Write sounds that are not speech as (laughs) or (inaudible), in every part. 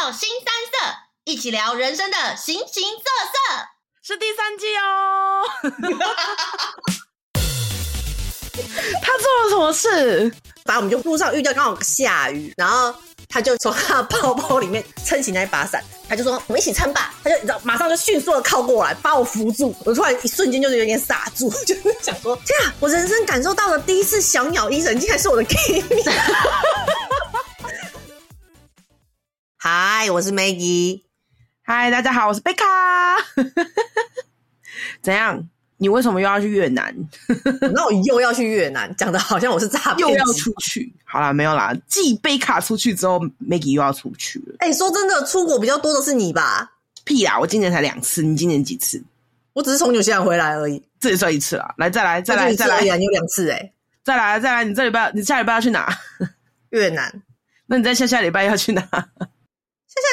到新三色一起聊人生的形形色色，是第三季哦！ (laughs) (laughs) 他做了什麼事？反正我們就路上遇到，剛好下雨，然後他就從他的包包裡面撐起那一把傘，他就說我們一起撐吧。他就馬上就迅速的靠過來，把我扶住。我突然一瞬間就是有點傻住，就是、想說天啊，我人生感受到的第一次小鳥依人，竟然是我的 Gay 蜜。 (laughs) (laughs) 嗨，我是 Maggie。嗨，大家好，我是貝卡。 (laughs) 怎樣？你為什麼又要去越南？ (laughs) 那我又要去越南，講的好像我是詐騙。又要出去？好啦，沒有啦。繼貝卡出去之後，Maggie 又要出去了。哎、欸，說真的，出國比較多的是你吧？屁啦，我今年才兩次，你今年幾次？我只是從紐西蘭回來而已，這也算一次啦。來，再來，再來，你再來。紐西你有兩次、欸，哎，再來，再來。你這禮拜，你下禮拜要去哪？ (laughs) 越南。那你再下下禮拜要去哪？ (laughs)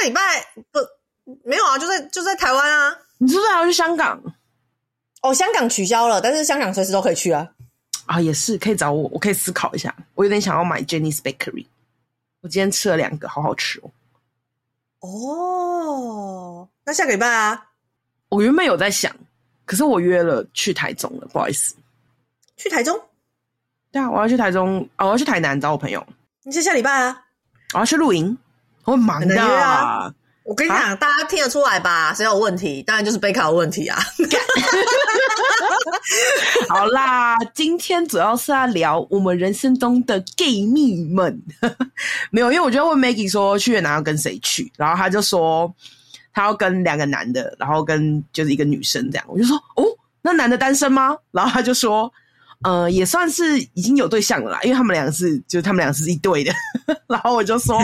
下禮拜不，沒有啊，就在就在台灣啊！你是不是還要去香港？哦，香港取消了，但是香港隨時都可以去啊！啊，也是可以找我，我可以思考一下。我有點想要買 Jenny's Bakery，我今天吃了兩個，好好吃哦！哦，那下個禮拜啊，我原本有在想，可是我約了去台中了，不好意思。去台中？對啊，我要去台中，哦，我要去台南找我朋友。你是下禮拜啊？我要去露營。我忙呀、啊嗯，我跟你講、啊，大家聽得出來吧？誰有問題？當然就是貝卡有問題啊！ (laughs) (laughs) 好啦，今天主要是要聊我們人生中的 Gay 蜜們。 (laughs) 沒有，因為我就問 Maggie 說，去越南要跟誰去？然後他就說，他要跟兩個男的，然後跟就是一個女生這樣。我就說，哦，那男的單身嗎？然後他就說。呃，也算是已經有對象了啦，因為他們兩個是，就他們倆是一對的。 (laughs) 然後我就說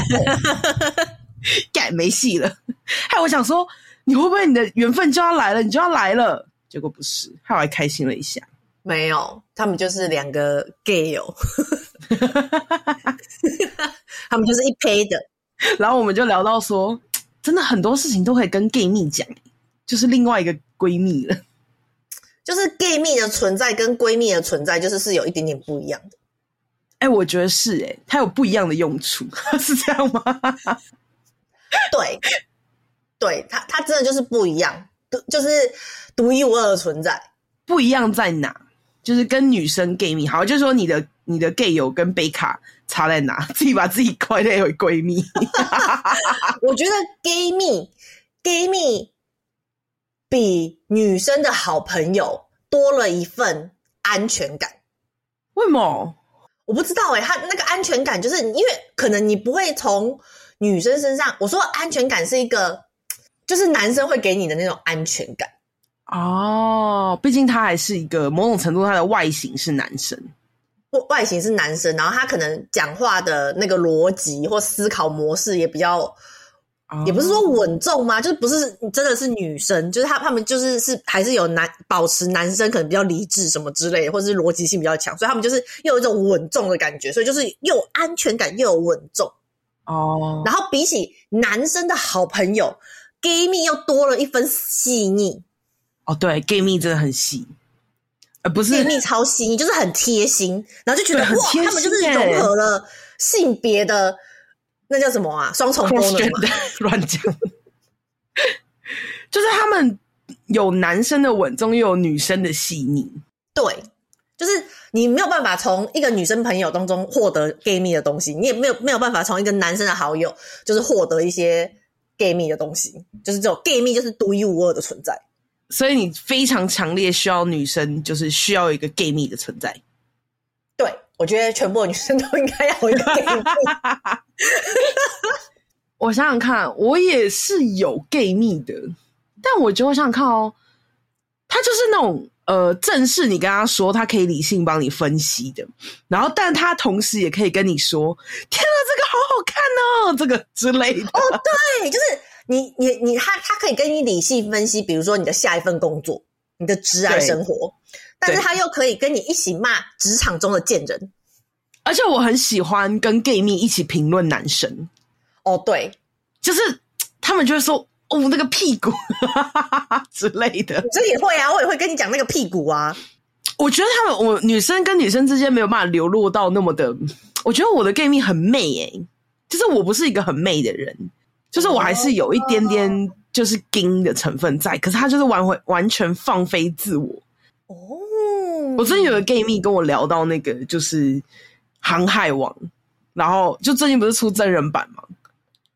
，gay (laughs) 沒戲了。還我想說，你會不會你的緣分就要來了，你就要來了？結果不是，後來還開心了一下。沒有，他們就是兩個 gay 哦， (laughs) (laughs) (laughs) (laughs) 他們就是一配的。然後我們就聊到說，真的很多事情都可以跟 gay 蜜講，就是另外一個閨蜜了。就是 gay 蜜的存在跟閨蜜的存在，就是是有一點點不一樣的。哎、欸，我覺得是哎、欸，它有不一樣的用處， (laughs) 是這樣嗎？ (laughs) 對，對，它它真的就是不一樣，獨就是獨一無二的存在。不一樣在哪？就是跟女生 gay 蜜好像，就是說你的你的 gay 友跟貝卡差在哪？自己把自己歸類為閨蜜。 (laughs) (laughs) 我覺得 gay 蜜，gay 蜜。比女生的好朋友多了一份安全感，為什麼？我不知道誒、欸，他那個安全感就是因為可能你不會從女生身上，我說安全感是一個，就是男生會給你的那種安全感哦。畢竟他還是一個某種程度他的外形是男生，外外形是男生，然後他可能講話的那個邏輯或思考模式也比較。Oh. 也不是說穩重嗎？就是不是真的是女生？就是他他們就是是還是有男保持男生可能比較理智什麼之類的，或者是邏輯性比較強，所以他們就是又有一種穩重的感覺，所以就是又安全感又有穩重哦。Oh. 然後比起男生的好朋友，Gay 蜜又多了一分細膩哦。Oh, 對，Gay 蜜真的很細，呃，不是 Gay 蜜超細膩，就是很貼心，然後就覺得、欸、哇，他們就是融合了性別的。那叫什麼啊？雙重功能亂講， (laughs) 就是他們有男生的穩重，又有女生的細膩。對，就是你沒有辦法從一個女生朋友當中獲得 gay 蜜的東西，你也沒有沒有辦法從一個男生的好友就是獲得一些 gay 蜜的東西，就是這種 gay 蜜就是獨一無二的存在。所以你非常強烈需要女生，就是需要一個 gay 蜜的存在。對。我覺得全部女生都應該要一個。我想想看，我也是有 Gay 蜜的，但我就會想想看哦，他就是那種呃，正式你跟他說，他可以理性幫你分析的，然後但他同時也可以跟你說：“天哪，這個好好看哦，這個之類的。”哦，對，就是你你你他他可以跟你理性分析，比如說你的下一份工作，你的摯愛生活。但是他又可以跟你一起罵職場中的賤人，而且我很喜歡跟 gay 蜜一起評論男生。哦，對，就是他們就會說，哦，那個屁股 (laughs) 之類的。這也會啊，我也會跟你講那個屁股啊。我覺得他們我女生跟女生之間沒有辦法流落到那麼的。我覺得我的 gay 蜜很媚哎、欸，就是我不是一個很媚的人，就是我還是有一點點就是 gay 的成分在、哦。可是他就是完回完全放飛自我。哦、oh.，我最近有個 gay 蜜跟我聊到那個就是《航海王》，然後就最近不是出真人版嗎？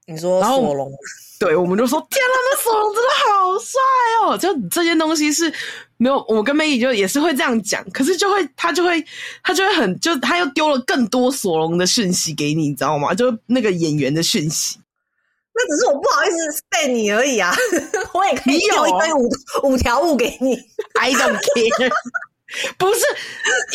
你說，然後索隆，對，我們就說天吶，那索隆真的好帥哦！就這些東西是沒有，我跟梅姨就也是會這樣講，可是就會他就會他就會很就他又丟了更多索隆的訊息給你，你知道嗎？就那個演員的訊息。那只是我不好意思 send 你而已啊， (laughs) 我也可以有一堆五五條悟給你，I don't care。 (laughs) 不是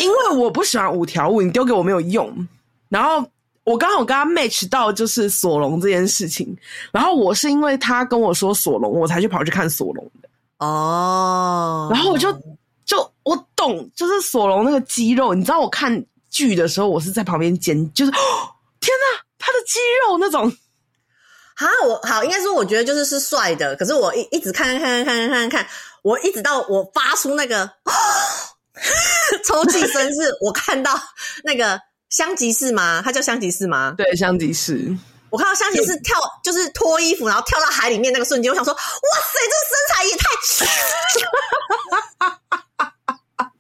因為我不喜歡五條悟，你丟給我沒有用。然後我剛好跟他 match 到就是索隆這件事情，然後我是因為他跟我說索隆，我才去跑去看索隆的哦。Oh. 然後我就就我懂，就是索隆那個肌肉，你知道我看劇的時候，我是在旁邊尖就是、哦、天吶，他的肌肉那種。啊，我好，應該說，我覺得就是是帥的，可是我一一直看，看，看，看，看，看，看，我一直到我發出那個抽氣聲是我看到那個香吉士嗎？他叫香吉士嗎？對，香吉士，我看到香吉士跳，就是脫衣服，然後跳到海裡面那個瞬間，我想說，哇塞，這個身材也太，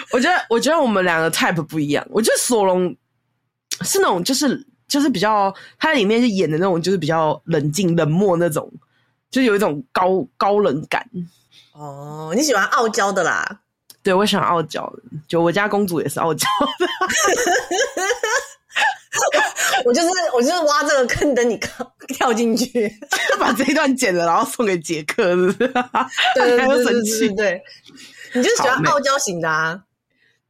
(laughs) (laughs) 我覺得，我覺得我們兩個 type 不一樣，我覺得索隆是那種就是。就是比較，他裡面是演的那種，就是比較冷靜、冷漠那種，就是、有一種高高冷感。哦、oh，你喜歡傲嬌的啦？對，我喜歡傲嬌，就我家公主也是傲嬌的 (laughs) (laughs) 我。我就是我就是挖這個坑等你跳跳進去， (laughs) (laughs) 把這一段剪了，然後送給傑克，是不是？ (laughs) 對，對，對，對，對，對對對， (laughs) 好 (laughs) 你就是喜歡傲嬌型的啊？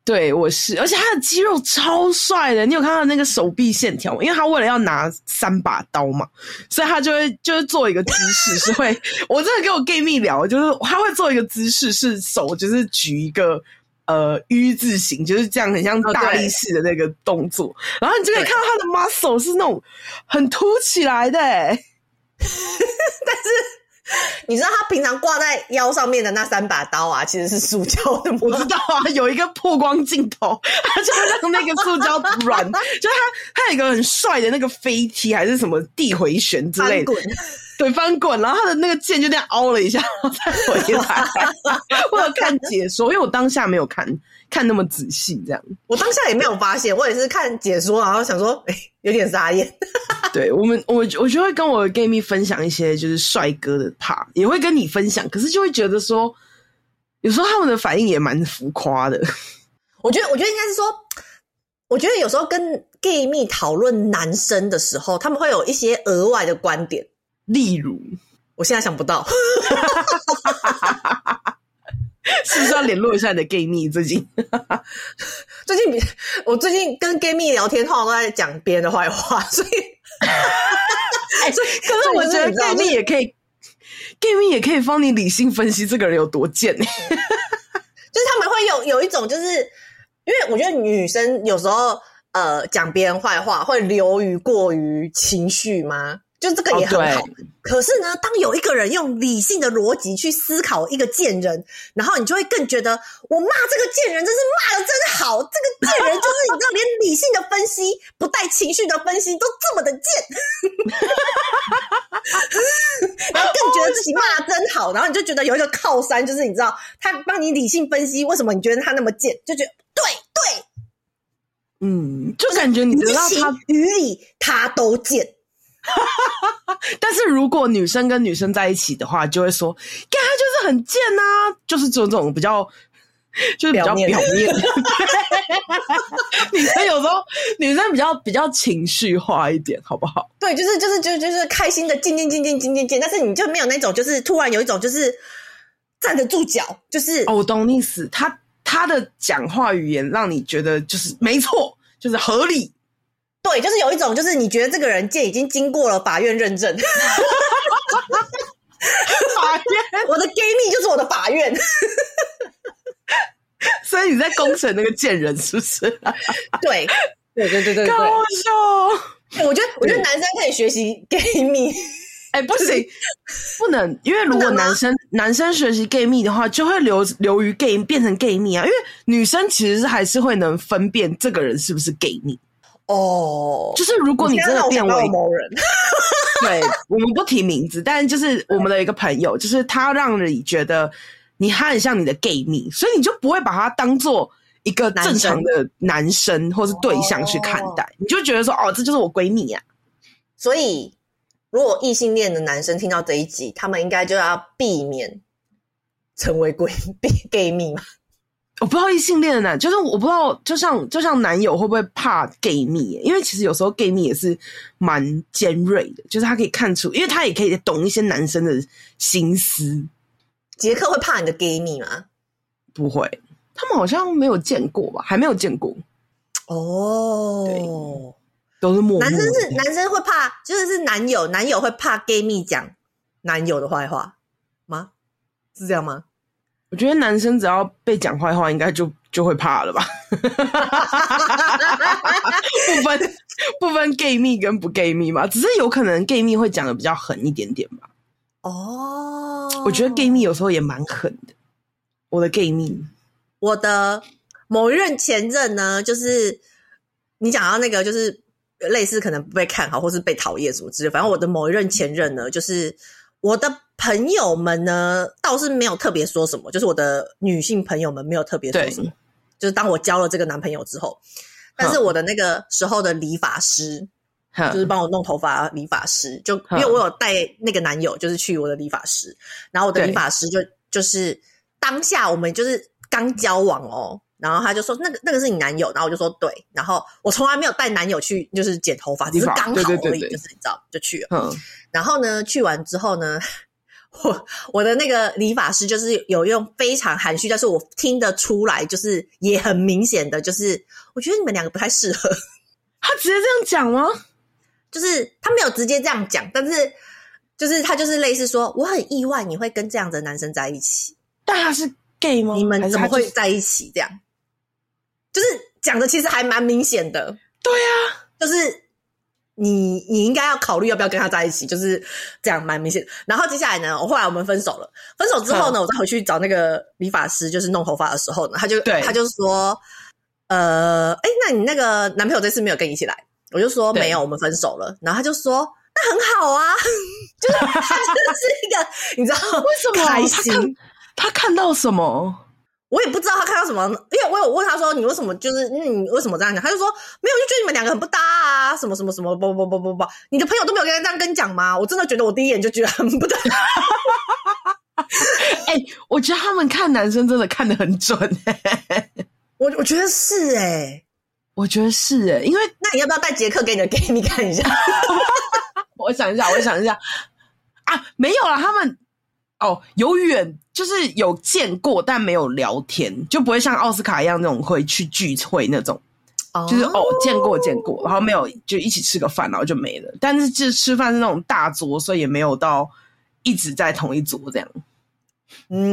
對，我是，而且他的肌肉超帥的。你有看到那個手臂線條嗎？因為他為了要拿三把刀嘛，所以他就會就是做一個姿勢， (laughs) 是會我真的跟我 gay 蜜聊，就是他會做一個姿勢，是手就是舉一個呃 v 字形，就是這樣，很像大力士的那個動作。哦、然後你就可以看到他的 muscle 是那種很凸起來的， (laughs) 但是。你知道他平常掛在腰上面的那三把刀啊，其實是塑膠的嗎？我知道啊。有一個曝光鏡頭，他就讓那個塑膠軟， (laughs) 就他他有一個很帥的那個飛踢還是什麼地回旋之類的，翻對翻滾，然後他的那個劍就這樣凹了一下然後再回來。為 (laughs) 了看解說，因為我當下沒有看看那麼仔細，這樣我當下也沒有發現，我也是看解說，然後想說。欸有點傻眼， (laughs) 對我們，我我就會跟我 gay 蜜分享一些就是帥哥的 part，也會跟你分享，可是，就會覺得說，有時候他們的反應也蠻浮誇的。我覺得，我覺得應該是說，我覺得有時候跟 gay 蜜討論男生的時候，他們會有一些額外的觀點，例如，我現在想不到。 (laughs) (laughs) (laughs) 是不是要聯絡一下你的 gay 蜜？最近， (laughs) 最近比，我最近跟 gay 蜜聊天，通常都在講別人的壞話，所以， (laughs) 欸、所以 (laughs) 可是我覺得 gay 蜜也可以、 (laughs) 就是、，gay 蜜也可以幫、就是、你理性分析這個人有多賤、欸。就是他們會有有一種，就是因為我覺得女生有時候呃講別人壞話會流於過於情緒嗎？就這個也很好，oh，可是呢，當有一個人用理性的邏輯去思考一個賤人，然後你就會更覺得我罵這個賤人真是罵得真好，這個賤人就是 (laughs) 你知道，連理性的分析，不帶情緒的分析都這麼的賤， (laughs) (laughs) (laughs) 然後更覺得自己罵得真好，然後你就覺得有一個靠山，就是你知道他幫你理性分析為什麼你覺得他那麼賤，就覺得對對，嗯，就感覺你知道他理，就是，他都賤。 (laughs) 但是，如果女生跟女生在一起的話，就會說，他就是很賤吶、啊，就是這種比較，就是比較表面。表面 (laughs) 女生有時候，女生比較比較情緒化一點，好不好？對，就是就是就是就是開心的賤賤賤賤賤賤賤，但是你就沒有那種，就是突然有一種就是站得住腳，就是哦，我懂你意思，他他的講話語言讓你覺得就是沒錯，就是合理。對，就是有一種，就是你覺得這個人賤，已經經過了法院認證。 (laughs) (laughs) 法院，我的 gay 蜜就是我的法院。 (laughs) 所以你在攻城那個賤人是不是？對， (laughs) 對，對對對對，搞笑。我覺得我覺得男生可以學習 gay 蜜。哎、 (laughs) 欸，不行，不能，因為如果男生男生學習 gay 蜜的話，就會流流於 gay，變成 gay 蜜啊。因為女生其實還是會能分辨這個人是不是 gay 蜜。哦、oh,，就是如果你真的變為、啊、某人， (laughs) 對，我們不提名字，但就是我們的一個朋友，就是他讓你覺得你很像你的 gay 蜜，所以你就不會把他當作一個正常的男生或是對象去看待，你就覺得說、oh. 哦，這就是我閨蜜呀、啊。所以，如果異性戀的男生聽到這一集，他們應該就要避免成為閨蜜 (laughs) gay 蜜嘛。我不知道異性戀的男，就是我不知道，就像就像男友會不會怕 gay 蜜因為其實有時候 gay 蜜也是蠻尖銳的，就是他可以看出，因為他也可以懂一些男生的心思。杰克會怕你的 gay 蜜嗎？不會，他們好像沒有見過吧？還沒有見過。哦、oh.，都是陌生。男生是男生會怕，就是是男友，男友會怕 gay 蜜講男友的壞話嗎？是這樣嗎？我覺得男生只要被講壞話應該，應該就就會怕了吧， (laughs) (laughs) (laughs) 不分不分 gay 蜜跟不 gay 蜜嘛，只是有可能 gay 蜜會講得比較狠一點點吧。哦、oh.，我覺得 gay 蜜有時候也蠻狠的。我的 gay 蜜，我的某一任前任呢，就是你講到那個，就是類似可能不被看好或是被討厭之類，反正我的某一任前任呢，就是。我的朋友們呢，倒是沒有特別說什麼，就是我的女性朋友們沒有特別說什麼對，就是當我交了這個男朋友之後，但是我的那個時候的理髮師，嗯就是、師，就是幫我弄頭髮，理髮師就因為我有帶那個男友，就是去我的理髮師，嗯，然後我的理髮師就就是當下我們就是剛交往哦。然後他就說：“那個那個是你男友。”然後我就說：“對。”然後我從來沒有帶男友去就是剪頭髮，只是剛好而已，對對對對，就是你知道就去了。嗯。然後呢，去完之後呢，我我的那個理髮師就是有用非常含蓄，但是我聽得出來，就是也很明顯的，就是我覺得你們兩個不太適合。他直接這樣講嗎？就是他沒有直接這樣講，但是就是他就是類似說：“我很意外你會跟這樣的男生在一起。”但他是 gay 嗎？你們怎麼會在一起這樣？就是講的其實還蠻明顯的，對啊，就是你你應該要考慮要不要跟他在一起，就是這樣蠻明顯。然後接下來呢，我後來我們分手了，分手之後呢，哦、我再回去找那個理髮師，就是弄頭髮的時候呢，他就對他就說，呃，哎、欸，那你那個男朋友這次沒有跟你一起來，我就說沒有，我們分手了。然後他就說，那很好啊， (laughs) 就是他就是一個， (laughs) 你知道為什麼？開心他看他看到什麼？我也不知道他看到什麼，因為我有問他說：“你為什麼就是、嗯、你為什麼這樣講？”他就說：“沒有，就覺得你們兩個很不搭啊，什麼什麼什麼，不不不不不，你的朋友都沒有跟他這樣跟你講嗎？”我真的覺得我第一眼就覺得很不對。 (laughs) 哎、欸，我覺得他們看男生真的看得很準。哎、欸，我我覺得是哎，我覺得是哎、欸欸，因為那你要不要帶傑克給你的 Gay 蜜看一下？ (laughs) (laughs) 我想一下，我想一下啊，沒有了，他們。哦，有遠就是有見過，但沒有聊天，就不會像奧斯卡一樣那種會去聚會那種，oh. 就是哦見過見過，然後沒有就一起吃個飯，然後就沒了。但是這吃飯是那種大桌，所以也沒有到一直在同一桌這樣。嗯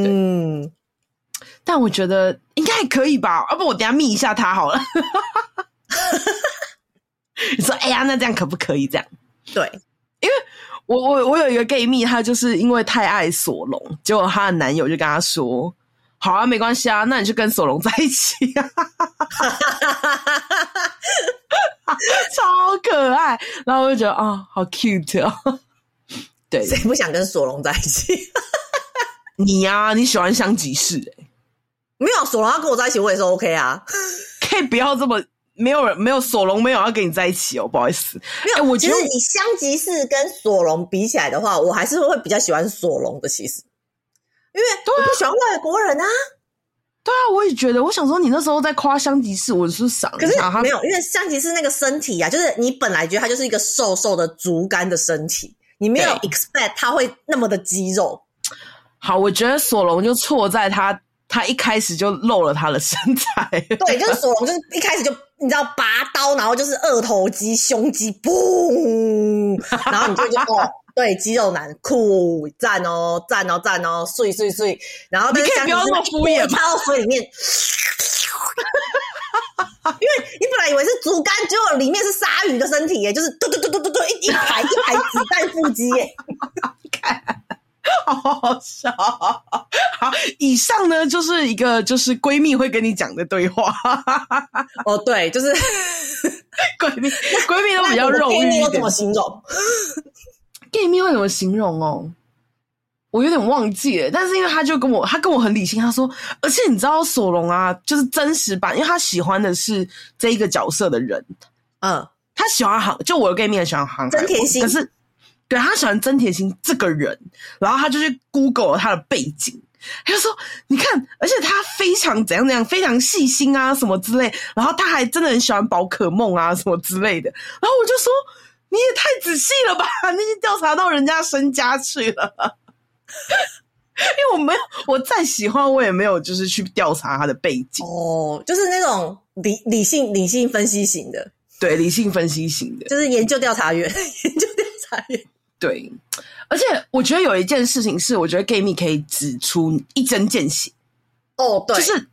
，mm. 但我覺得應該還可以吧。啊不，我等下密一下他好了。 (laughs) 你說，哎、欸、呀、啊，那這樣可不可以這樣？對，因為。我我我有一個 gay 蜜，她就是因為太愛索隆，結果她的男友就跟她說：“好啊，沒關係啊，那你去跟索隆在一起啊， (laughs) (laughs) (laughs) 超可愛。”然後我就覺得啊、哦，好 cute 哦、啊。 (laughs) 對，誰不想跟索隆在一起？ (laughs) 你呀、啊，你喜歡香吉士哎、欸？沒有，索隆要跟我在一起，我也是 OK 啊。可以不要這麼。沒有人，沒有索隆沒有要跟你在一起哦，不好意思。沒有，欸、我覺得你香吉士跟索隆比起來的話，我還是會比較喜歡索隆的。其實，因為我不喜歡外、啊、國人啊。對啊，我也覺得。我想說，你那時候在誇香吉士，我是傻。可是沒有，因為香吉士那個身體啊，就是你本來覺得他就是一個瘦瘦的竹竿的身體，你沒有 expect 他會那麼的肌肉。好，我覺得索隆就錯在他，他一開始就露了他的身材。對，就是索隆，就是一開始就。你知道拔刀，然後就是二頭肌、胸肌，嘣！然後你就覺得， (laughs) 對，肌肉男酷，讚哦，讚哦，讚哦，水水水！然後但是箱子這麼敷衍，插到水裡面， (laughs) 因為你本來以為是竹竿，結果裡面是鯊魚的身體，耶！就是嘟嘟嘟嘟嘟嘟，一,一排一排子彈腹肌耶，你看。 (laughs) 好好笑！好，以上呢就是一個就是閨蜜會跟你講的對話。哦、 (laughs) oh，對，就是閨 (laughs) 閨蜜，閨 (laughs) 蜜都比較肉欲。閨 (laughs) 蜜會怎麼形容？閨 (laughs) 蜜會怎麼形容哦？我有點忘記了。但是因為她就跟我，她跟我很理性。她說，而且你知道索隆啊，就是真實版，因為他喜歡的是這一個角色的人。嗯，他喜歡航，就我的閨蜜也喜歡航。真甜心，可是。對，他喜歡真田心這個人，然後他就去 Google 了他的背景，他就說：“你看，而且他非常怎樣怎樣，非常細心啊，什麼之類。”然後他還真的很喜歡寶可夢啊，什麼之類的。然後我就說：“你也太仔細了吧，那些調查到人家身家去了？” (laughs) 因為我沒有，我再喜歡我也沒有，就是去調查他的背景。哦，oh，就是那種理理性理性分析型的，對，理性分析型的，就是研究調查員，研究調查員。對，而且我覺得有一件事情是，我覺得 Gay 蜜可以指出一針見血哦，對，就是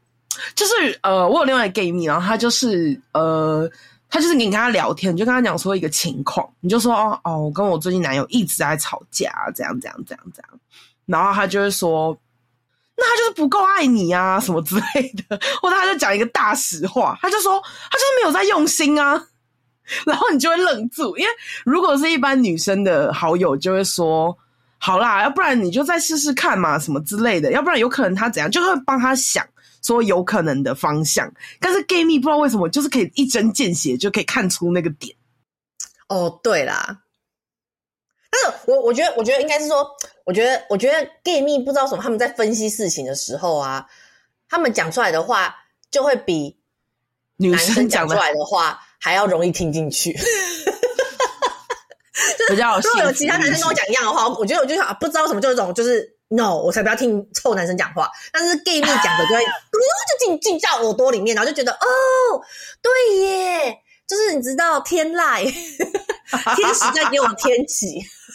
就是呃，我有另外一個 Gay 蜜，然後他就是呃，他就是你跟他聊天，你就跟他講說一個情況，你就說哦哦，我跟我最近男友一直在吵架，這樣這樣這樣這樣，然後他就會說，那他就是不夠愛你啊，什麼之類的，或者他就講一個大實話，他就說他就是沒有在用心啊。然後你就會愣住，因為如果是一般女生的好友，就會說：“好啦，要不然你就再試試看嘛，什麼之類的，要不然有可能他怎樣，就會幫他想說有可能的方向。”但是 Gay 蜜不知道為什麼，就是可以一針見血，就可以看出那個點。哦，對啦，但是我我覺得，我覺得應該是說，我覺得，我覺得 Gay 蜜不知道什麼，他們在分析事情的時候啊，他們講出來的話就會比女生講出來的話還要容易聽進去、嗯， (laughs) 就是如果有其他男生跟我講一樣的話，的我覺得我就想、啊、不知道什麼，就是這種就是 no，我才不要聽臭男生講話。但是 Gay 蜜講的就會、啊嗯，就會就進進到耳朵裡面，然後就覺得哦，對耶，就是你知道天籟 (laughs) 天使在給我天啟 (laughs) (laughs) (laughs)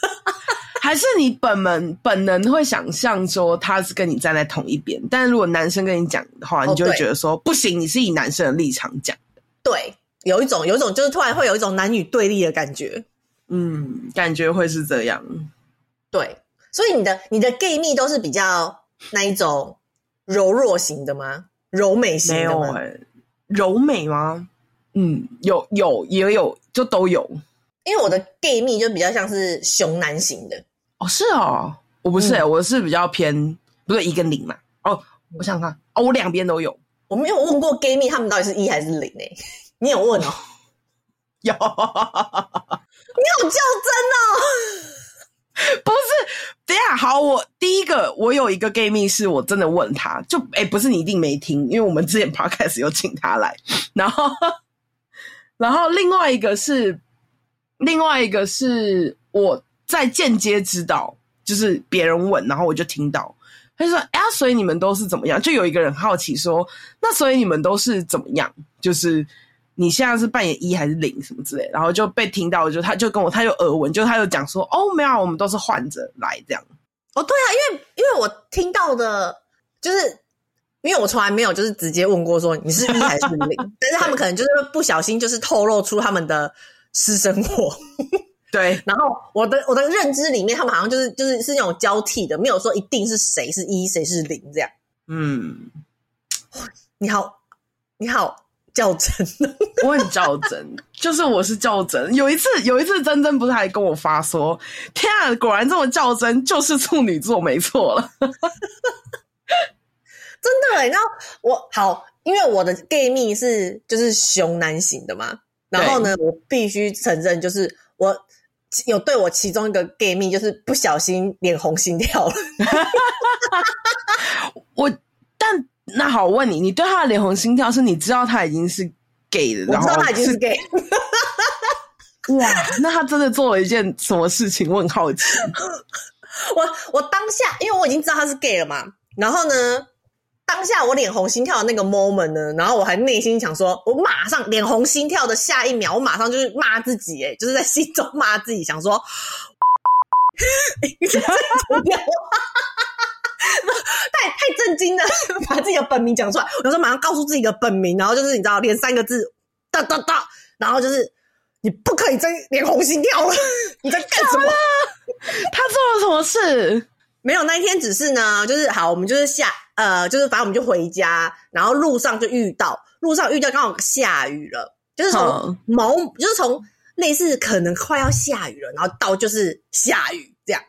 (laughs) 還是你本能本能會想象說他是跟你站在同一邊，但是如果男生跟你講的話，你就會覺得說、哦、不行，你是以男生的立場講的，對。有一種，有一種就是突然會有一種男女對立的感覺，嗯，感覺會是這樣，對，所以你的你的 gay 蜜都是比較那一種柔弱型的嗎？柔美型的沒有、欸、柔美嗎？嗯，有有也有,有,有就都有，因為我的 gay 蜜就比較像是熊男型的哦，是啊、哦，我不是、欸嗯，我是比較偏不是一跟零嘛，哦，我想看，哦，我兩邊都有，我沒有問過 gay 蜜他們到底是一還是零誒、欸。你有問哦、喔？有、oh. (laughs) (laughs) 你有較真哦、喔？不是，等下好，我第一個我有一個 gay 蜜是我真的問他就哎、欸，不是你一定沒聽，因為我們之前 podcast 有請他來，然後然後另外一個是另外一個是我在間接知道，就是別人問，然後我就聽到他就說呀、欸，所以你們都是怎麼樣？就有一個人好奇說，那所以你們都是怎麼樣？就是。你現在是扮演一還是零什麼之類的，然後就被聽到，就他就跟我，他有耳聞，就他有講說：“哦，沒有，我們都是換着來這樣。”哦，對啊，因為因為我聽到的，就是因為我從來沒有就是直接問過說你是一還是零， (laughs) 但是他們可能就是不小心就是透露出他們的私生活。對， (laughs) 然後我的我的認知裡面，他們好像就是就是是那種交替的，沒有說一定是誰是一誰是零這樣。嗯、哦，你好，你好。較真，真，我很較真，就是我是較真。有一次，有一次，珍珍不是還跟我發說：“天啊，果然這麼較真，就是處女座沒錯了。 (laughs) ”真的、欸、然後我好，因為我的 Gay 蜜是就是熊男型的嘛，然後呢，我必須承認，就是我有對我其中一個 Gay 蜜，就是不小心臉紅心跳了 (laughs) (laughs) 我。我但。那好，我問你，你對他的臉紅心跳，是你知道他已經是 gay 了，然後是 gay。 (laughs) 哇，那他真的做了一件什麼事情？我很好奇。我我當下，因為我已經知道他是 gay 了嘛，然後呢，當下我臉紅心跳的那個 moment 呢，然後我還內心想說，我馬上臉紅心跳的下一秒，我馬上就是罵自己，哎，就是在心中罵自己，想說，你 (laughs) (laughs) (laughs) 太太震驚了，把自己的本名講出來。我 (laughs) 說馬上告訴自己的本名，然後就是你知道，連三個字，噠噠噠，然後就是你不可以再連紅心跳了，你在幹什麼？他做了什麼事？ (laughs) 沒有那一天，只是呢，就是好，我們就是下，呃，就是反正我們就回家，然後路上就遇到，路上遇到剛好下雨了，就是從毛、嗯，就是從類似可能快要下雨了，然後到就是下雨這樣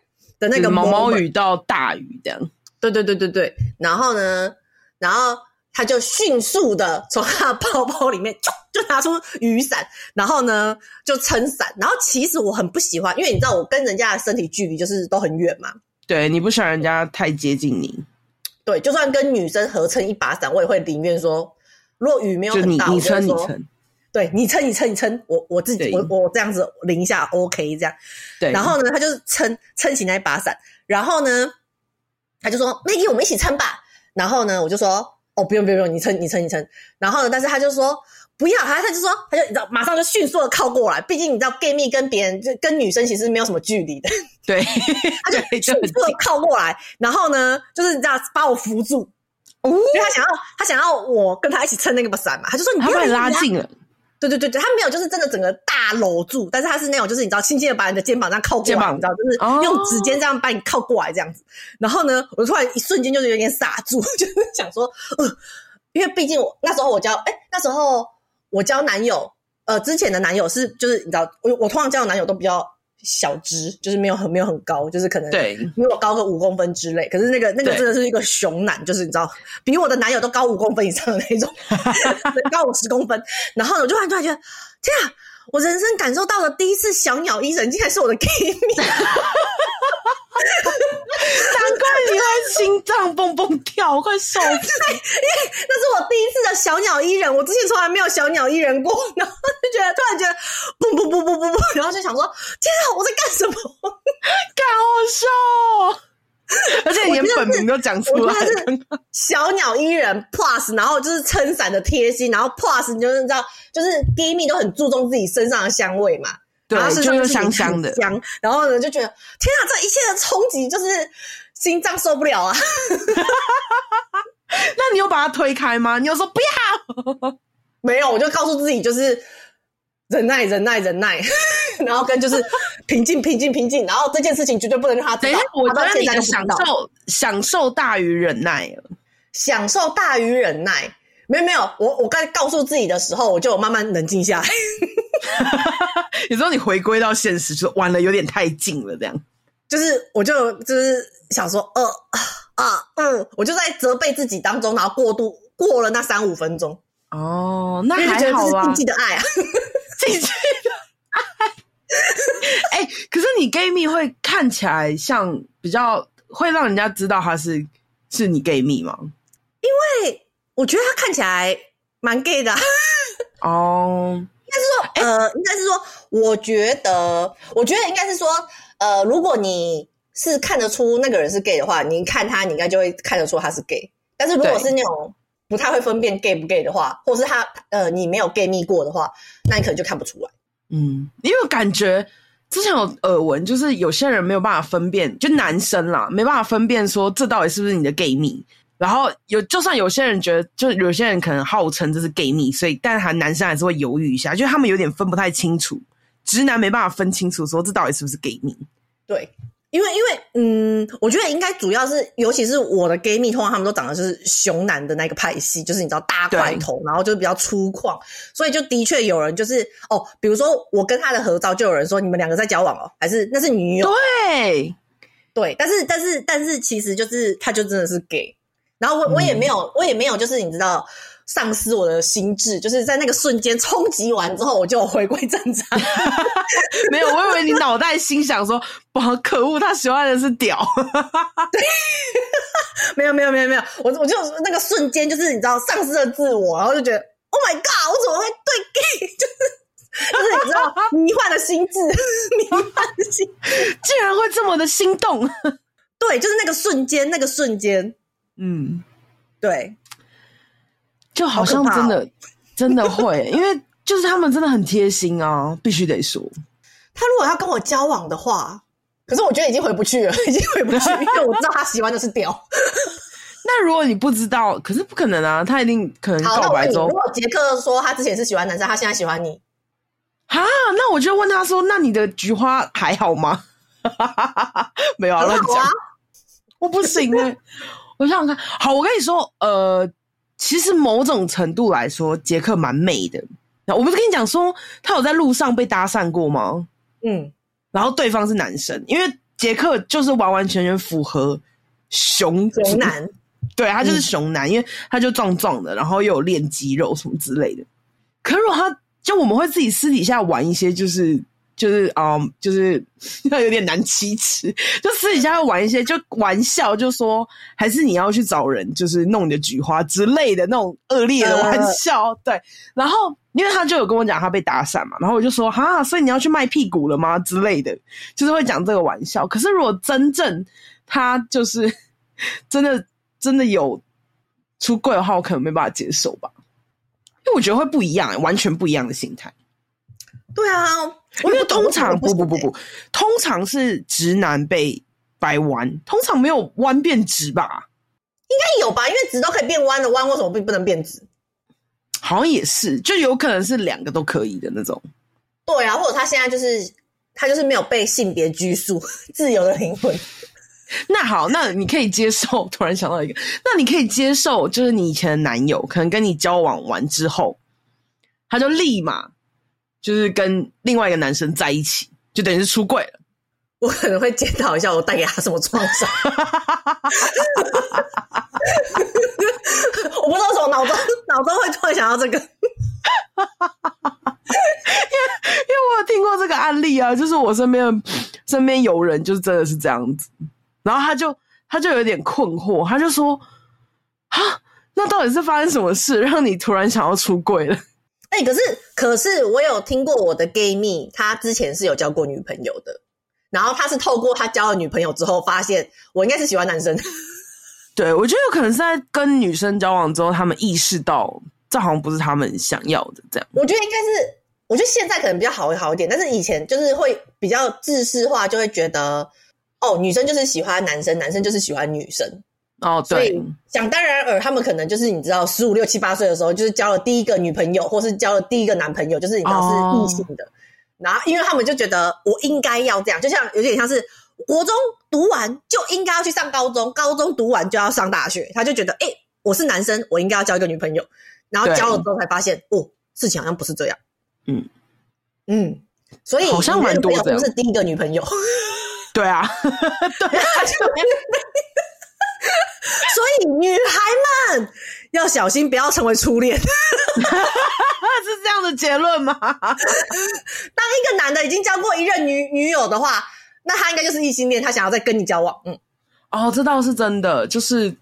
的那個毛毛、就是、雨到大雨這樣。對對對對對，然後呢，然後他就迅速的從他的包包裡面就就拿出雨傘，然後呢就撐傘。然後其實我很不喜歡，因為你知道我跟人家的身體距離就是都很遠嘛。對，你不想人家太接近你。對，就算跟女生合撐一把傘，我也會寧願說，若雨沒有很大，就，你我就說，對你撐你撐，你撐，你，撐你撐，我我自己我我這樣子淋一下 OK 這樣。對，然後呢，他就撐撐起那一把傘，然後呢。他就說：“Maggie，我們一起撐吧。”然後呢，我就說：“哦、oh，不用，不用，不用，你撐，你撐，你撐。”然後呢，但是他就說：“不要。”他他就說：“他就，你知道，馬上就迅速的靠過來。畢竟你知道，Gay 蜜跟別人就跟女生其實是沒有什麼距離的。”對， (laughs) 他就迅速的靠過來。然後呢，就是你知道，把我扶住、哦，因為他想要，他想要我跟他一起撐那個傘嘛。他就說：“你。”不要拉近了。對對對對，他沒有，就是真的整個大摟住，但是他是那種，就是你知道，輕輕的把你的肩膀這樣靠過來，肩膀，你知道，就是用指尖這樣把你靠過來這樣子。哦，然後呢，我突然一瞬間就是有點傻住，就是想說，呃，因為畢竟我那時候我交，哎，那時候我交男友，呃，之前的男友是就是你知道，我我通常交的男友都比較。小隻就是沒有很沒有很高，就是可能比我高個五公分之類。可是那個那個真的是一個熊男，就是你知道，比我的男友都高五公分以上的那種， (laughs) 高我十公分。然後呢，我就突然，突然覺得，天啊！我人生感受到的第一次小鳥依人，竟然是我的 Gay 蜜。 (laughs) (laughs) 難怪你會心臟蹦蹦跳。 (laughs) 會快笑，因為那是我第一次的小鳥依人，我之前從來沒有小鳥依人過，然後就覺得突然覺得蹦蹦蹦蹦蹦蹦，然後就想說：天啊，我在幹什麼？ (laughs) 搞笑！而且連本名都講出來，真是小鳥依人 plus，然後就是撐傘的貼心，然後 plus，就你就知道，就是 Gay 蜜都很注重自己身上的香味嘛，對，然後身上就是香，就香香的，香，然後呢就覺得天啊，這一切的衝擊就是心臟受不了啊， (laughs) (laughs) 那你有把它推開嗎？你有說不要？ (laughs) 沒有，我就告訴自己就是。忍耐，忍耐，忍耐， (laughs) 然後跟就是平靜，平靜，平靜，然後這件事情絕對不能讓他知道。我覺得享受享受大於忍耐，享受大於忍，忍耐。沒有，沒有，我我該告訴自己的時候，我就慢慢冷靜下來。 (laughs) (laughs) 有時候你回歸到現實，就是玩的有點太近了，這樣就是，我就就是想說，呃啊、呃、嗯，我就在責備自己當中，然後過度過了那三五分鐘。哦，那還好啊。禁忌的愛啊。 (laughs) gay 的，哎，可是你 gay 蜜會看起來像比較會讓人家知道他是是你 gay 蜜嗎？因為我覺得他看起來蠻 gay 的哦、啊。Oh, 應該是說、欸，呃，應該是說，我覺得，我覺得應該是說，呃，如果你是看得出那個人是 gay 的話，你看他，你應該就會看得出他是 gay。但是如果是那種。不太會分辨 gay 不 gay 的話，或是他呃你沒有 gay 蜜過的話，那你可能就看不出來。嗯，因為感覺之前有耳聞，就是有些人沒有辦法分辨，就男生啦，沒辦法分辨說這到底是不是你的 gay 蜜。然後有就算有些人覺得，就有些人可能號稱這是 gay 蜜，所以但是還男生還是會猶豫一下，就他們有點分不太清楚，直男沒辦法分清楚說這到底是不是 gay 蜜。對。因為，因為，嗯，我覺得應該主要是，尤其是我的 gay 蜜，通常他們都長得就是熊男的那個派系，就是你知道大塊頭，然後就是比較粗獷，所以就的確有人就是哦，比如說我跟他的合照，就有人說你們兩個在交往哦，還是那是女友？對，對，但是，但是，但是，其實就是他就真的是 gay，然後我我也沒有，嗯、我也沒有，就是你知道。喪失我的心智，就是在那個瞬間衝擊完之後，我就回歸正常。 (laughs) 沒有，我以為你腦袋心想說：“好 (laughs) 可惡，他喜歡的是屌。 (laughs) ”對，沒有，沒有，沒有，沒有，我就我就那個瞬間就是你知道，喪失了自我，然後就覺得 “Oh my God，我怎麼會對 gay？” 就是就是你知道， (laughs) 迷幻的心智，迷幻的心智 (laughs) 竟然會這麼的心動。 (laughs) 對，就是那個瞬間，那個瞬間，嗯，對。就好像真的，真的會， (laughs) 因為就是他們真的很貼心啊， (laughs) 必須得說。他如果要跟我交往的話，可是我覺得已經回不去了，已經回不去了， (laughs) 因為我知道他喜歡的是屌 (laughs) 。 (laughs) 那如果你不知道，可是不可能啊，他一定可能告白。好，那我跟你如果傑克說他之前是喜歡男生，他現在喜歡你，哈，那我就問他說：“那你的菊花還好嗎？” (laughs) 沒有亂、啊、講、啊，我不行哎、欸， (laughs) 我想想看，好，我跟你說，呃。其實某種程度來說，傑克蠻美的。那我不是跟你講說，他有在路上被搭訕過嗎？嗯，然後對方是男生，因為傑克就是完完全全符合熊男，熊男。對，他就是熊男，嗯，因為他就壯壯的，然後又有練肌肉什麼之類的。可是如果他，就我們會自己私底下玩一些，就是。就是啊，um, 就是要 (laughs) 有點難啟齒，就私底下會玩一些，就玩笑就說，還是你要去找人，就是弄你的菊花之類的那種惡劣的玩笑。呃、對，然後因為他就有跟我講他被打散嘛，然後我就說，哈，所以你要去賣屁股了嗎之類的，就是會講這個玩笑。可是如果真正他就是真的真的有出櫃的話，我可能沒辦法接受吧，因為我覺得會不一樣，欸，完全不一樣的心態。對啊我，因為通常不不、欸、不不不，通常是直男被掰彎，通常沒有彎變直吧？應該有吧，因為直都可以變彎的彎，彎為什麼不不能變直？好像也是，就有可能是兩個都可以的那種。對啊，或者他現在就是他就是沒有被性別拘束，自由的靈魂。 (laughs) (laughs) 那好，那你可以接受。突然想到一個，那你可以接受，就是你以前的男友可能跟你交往完之後，他就立馬。就是跟另外一個男生在一起，就等於是出櫃了。我可能會檢討一下，我帶給他什麼創傷。我不知道從腦中腦中會突然想到這個 (laughs) 因，因為因為我有聽過這個案例啊，就是我身邊身邊有人就是真的是這樣子，然後他就他就有點困惑，他就說：“啊，那到底是發生什麼事，讓你突然想要出櫃了？”哎、欸，可是可是，我有聽過我的 gay 蜜，他之前是有交過女朋友的，然後他是透過他交了女朋友之後，發現我應該是喜歡男生。對，我覺得有可能是在跟女生交往之後，他們意識到這好像不是他們想要的。這樣，我覺得應該是，我覺得現在可能比較好一好一點，但是以前就是會比較制式化，就會覺得哦，女生就是喜歡男生，男生就是喜歡女生。哦、oh，所以想當然耳，他們可能就是你知道，十五六七八歲的時候，就是交了第一個女朋友，或是交了第一個男朋友，就是你知道是異性的。Oh. 然後，因為他們就覺得我應該要這樣，就像有點像是國中讀完就應該要去上高中，高中讀完就要上大學。他就覺得，哎，我是男生，我應該要交一個女朋友。然後交了之後才發現，哦，事情好像不是這樣。嗯嗯，所以好像蠻多的，不是第一個女朋友。對啊，對啊。 (laughs) 所以，女孩們要小心，不要成為初戀， (laughs) 是這樣的結論嗎？ (laughs) 當一個男的已經交過一任女女友的話，那他應該就是異性戀，他想要再跟你交往。嗯，哦，這倒是真的，就是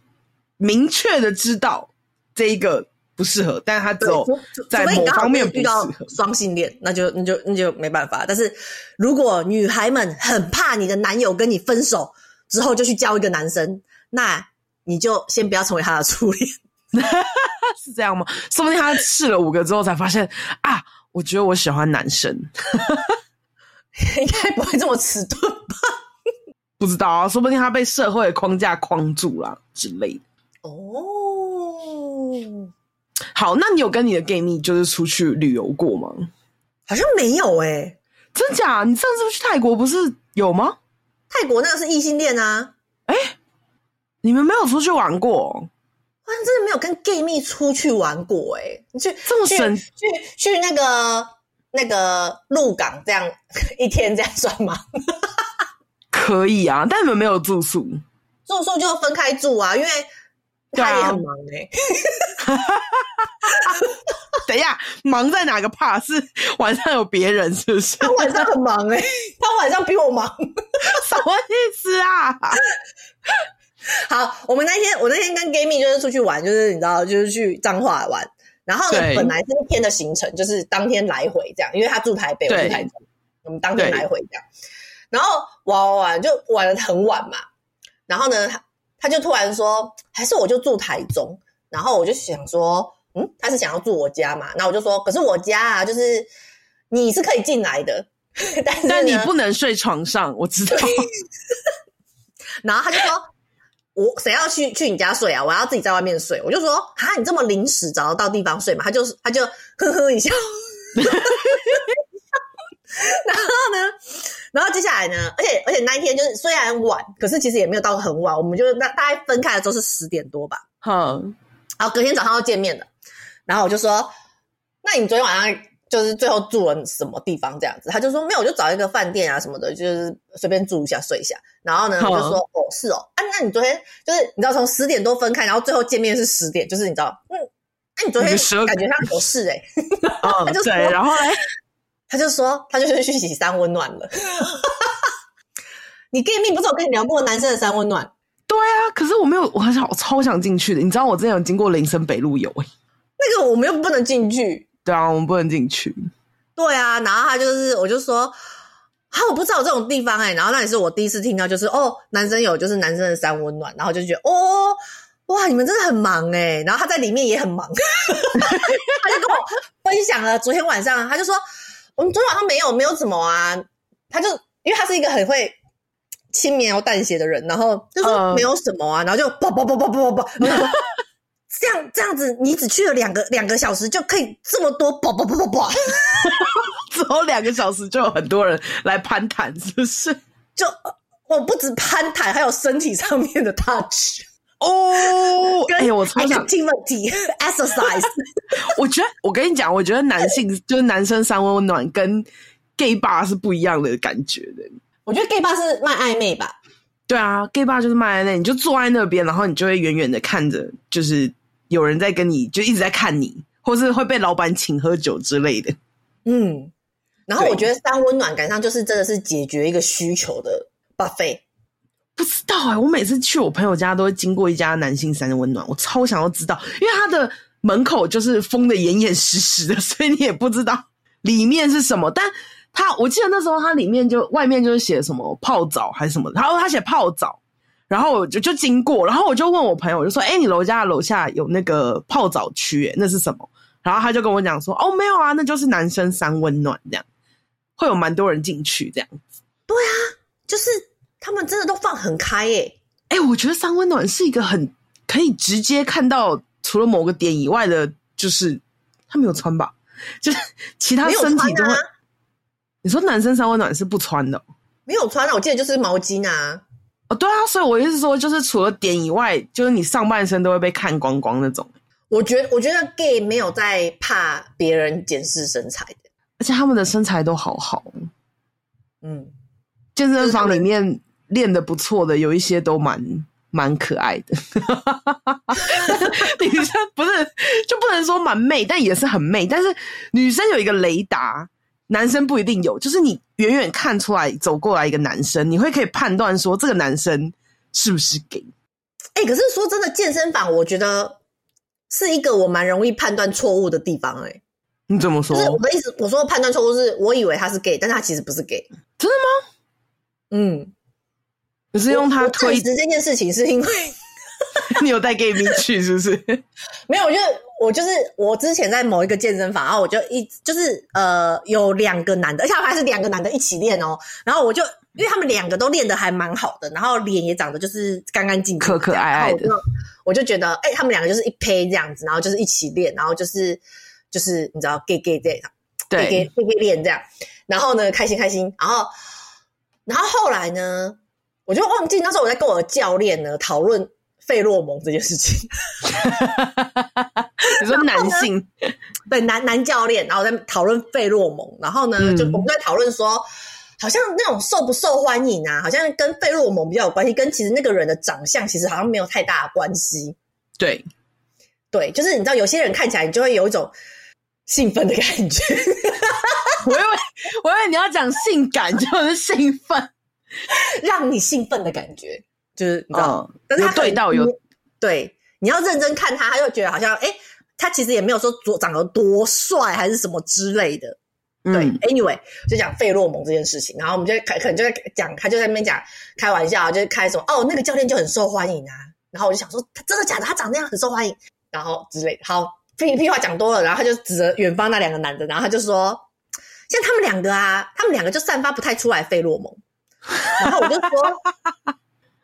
明確的知道這一個不適合，但是他只有在某方面不適合。雙性戀，那就那就那就沒辦法。但是如果女孩們很怕你的男友跟你分手之後就去交一個男生。那你就先不要成為他的初戀 (laughs) 是這樣嗎？說不定他試了五個之後才發現 (laughs) 啊，我覺得我喜歡男生， (laughs) (laughs) 應該不會這麼遲鈍吧？ (laughs) 不知道啊，說不定他被社會框架框住了之類的。哦、oh.，好，那你有跟你的 gay 蜜就是出去旅遊過嗎？好像沒有誒、欸，真假？你上次去泰國不是有嗎？泰國那個是異性戀啊，誒、欸你們沒有出去玩過，好、啊、像真的沒有跟 gay 蜜出去玩過哎、欸。你去這麼神？去去，去那個那個鹿港這樣一天這樣算嗎？ (laughs) 可以啊，但你們沒有住宿，住宿就分開住啊。因為他也很忙哎、欸。啊、 (laughs) 等一下，忙在哪個 part？是晚上有別人是不是？他晚上很忙哎、欸，他晚上比我忙， (laughs) 什麼意思啊？ (laughs) 好，我們那天，我那天跟 Gay 蜜就是出去玩，就是你知道，就是去彰化玩。然後呢，本來是一天的行程，就是當天來回這樣，因為他住台北，我住台中，我們當天來回這樣。然後玩玩玩，就玩得很晚嘛。然後呢他，他就突然說，還是我就住台中。然後我就想說，嗯，他是想要住我家嘛？然後我就說，可是我家啊，就是你是可以進來的但是，但你不能睡床上，我知道。 (laughs) 然後他就說。我誰要去去你家睡啊？我要自己在外面睡。我就說，啊，你這麼臨時找得到地方睡嘛？他就是，他就呵呵一笑。 (laughs) (laughs) 然後呢，然後接下來呢？而且而且那一天就是雖然晚，可是其實也沒有到很晚。我們就那大概分開的時候是十點多吧。Huh. 好，然後隔天早上要見面的。然後我就說，那你昨天晚上？就是最後住了什麼地方，這樣子，他就說沒有，我就找一個飯店啊什麼的，就是隨便住一下睡一下。然後呢，他就說哦是哦，啊那你昨天，就是你知道從十點多分開，然後最後見面是十點，就是你知道嗯、啊，那你昨天感覺上有事哎，嗯對，然後呢他，他就說他就去去洗三溫暖了 (laughs) (laughs) 你 gay 蜜不是我跟你聊過男生的三溫暖？對啊，可是我沒有我很我超想進去的，你知道我之前有經過林森北路有誒、欸、那個我們又不能進去。對啊，我們不能進去。對啊，然後他就是，我就說，啊，我不知道這種地方哎。然後那也是我第一次聽到，就是哦，男生有就是男生的三溫暖，然後就覺得哦哇，你們真的很忙哎。然後他在裡面也很忙， (laughs) 他就跟我分享了昨天晚上，他就說我們昨天晚上沒有沒有怎麼啊。他就因為他是一個很會輕描淡寫的人，然後就說沒有什麼啊，uh. 然後就啵啵啵啵啵啵啵這樣這樣子，你只去了兩個兩個小時就可以這麼多啪啪啪啪啪，啵啵啵啵啵，只有兩個小時就有很多人來攀談，是不是？就我不止攀談，還有身體上面的 touch。哦，哎呀，我才講 activity, exercise。我覺得，我跟你講，我覺得男性 (laughs) 就是男生三溫暖跟 gay bar 是不一樣的感覺的。我覺得 gay bar 是賣曖昧吧？對啊，gay bar 就是賣曖昧，你就坐在那邊，然後你就會遠遠的看着，就是。有人在跟你就一直在看你，或是會被老闆請喝酒之類的。嗯，然後我覺得三溫暖趕上就是真的是解決一個需求的 buffet。不知道啊、欸，我每次去我朋友家都會經過一家男性三溫暖，我超想要知道，因為它的門口就是封得嚴嚴實實的，所以你也不知道裡面是什麼。但他我記得那時候他裡面就外面就是寫什麼泡澡還是什麼，然後他寫泡澡。然後我就就經過，然後我就問我朋友，我就說：“欸，你樓下的樓下有那個泡澡區，那是什麼？”然後他就跟我講說：“哦，沒有啊，那就是男生三溫暖，這樣，會有蠻多人進去這樣子。”對啊，就是他們真的都放很開誒。欸，我覺得三溫暖是一個很可以直接看到除了某個點以外的，就是他沒有穿吧？就是其他身體都會。你說男生三溫暖是不穿的？沒有穿啊，我記得就是毛巾啊。哦、oh，對啊，所以我意思是說，就是除了點以外，就是你上半身都會被看光光那種。我覺得，我覺得 gay 沒有在怕別人檢視身材的，而且他們的身材都好好。嗯，健身房裡面練得不錯的、嗯，有一些都蠻蠻可愛的 (laughs) 女生，不是就不能說蠻媚，但也是很媚。但是女生有一個雷達。男生不一定有，就是你遠遠看出來走過來一個男生，你會可以判斷說這個男生是不是 gay？哎、欸，可是說真的，健身房我覺得是一個我蠻容易判斷錯誤的地方、欸。哎，你怎麼說？不、就是我的意思，我說的判斷錯誤是我以為他是 gay，但是他其實不是 gay。真的嗎？嗯，可是用他推。這，這件事情是因為。 (laughs) 你有帶 gay 蜜去是不是？ (laughs) 沒有，就是我就是我、就是、我之前在某一個健身房，然後我就一就是呃有兩個男的，而且還是兩個男的一起練哦。然後我就因為他們兩個都練的還蠻好的，然後臉也長得就是乾乾淨淨可可愛愛的，然後我就我就覺得哎、欸，他們兩個就是一 pair 這樣子，然後就是一起練，然後就是就是你知道 gay gay gay 對 gay gay 練這樣，然後呢，開心開心，然後然後後來呢，我就忘記那時候我在跟我的教練呢討論。討論費洛蒙這件事情， (laughs) 你說男性 (laughs) 對男男教練，然後在討論費洛蒙，然後呢，嗯、就我們在討論說，好像那種受不受歡迎啊，好像跟費洛蒙比較有關係，跟其實那個人的長相其實好像沒有太大的關係。對，對，就是你知道有些人看起來你就會有一種興奮的感覺。 (laughs) 我以為我以為你要講性感，就是興奮， (laughs) 讓你興奮的感覺。就是你知道，哦、但是他對到有對，你要認真看他，他就覺得好像哎、欸，他其實也沒有說長得多帥還是什麼之類的。嗯、對，Anyway，就講費洛蒙這件事情，然後我們就可可能就在講，他就在那邊講開玩笑，就是開什麼哦，那個教練就很受歡迎啊。然後我就想說，他真的假的？他長那樣很受歡迎，然後之類。好廢屁，屁話講多了，然後他就指着遠方那兩個男的，然後他就說，像他們兩個啊，他們兩個就散發不太出來費洛蒙。然後我就說。 (laughs)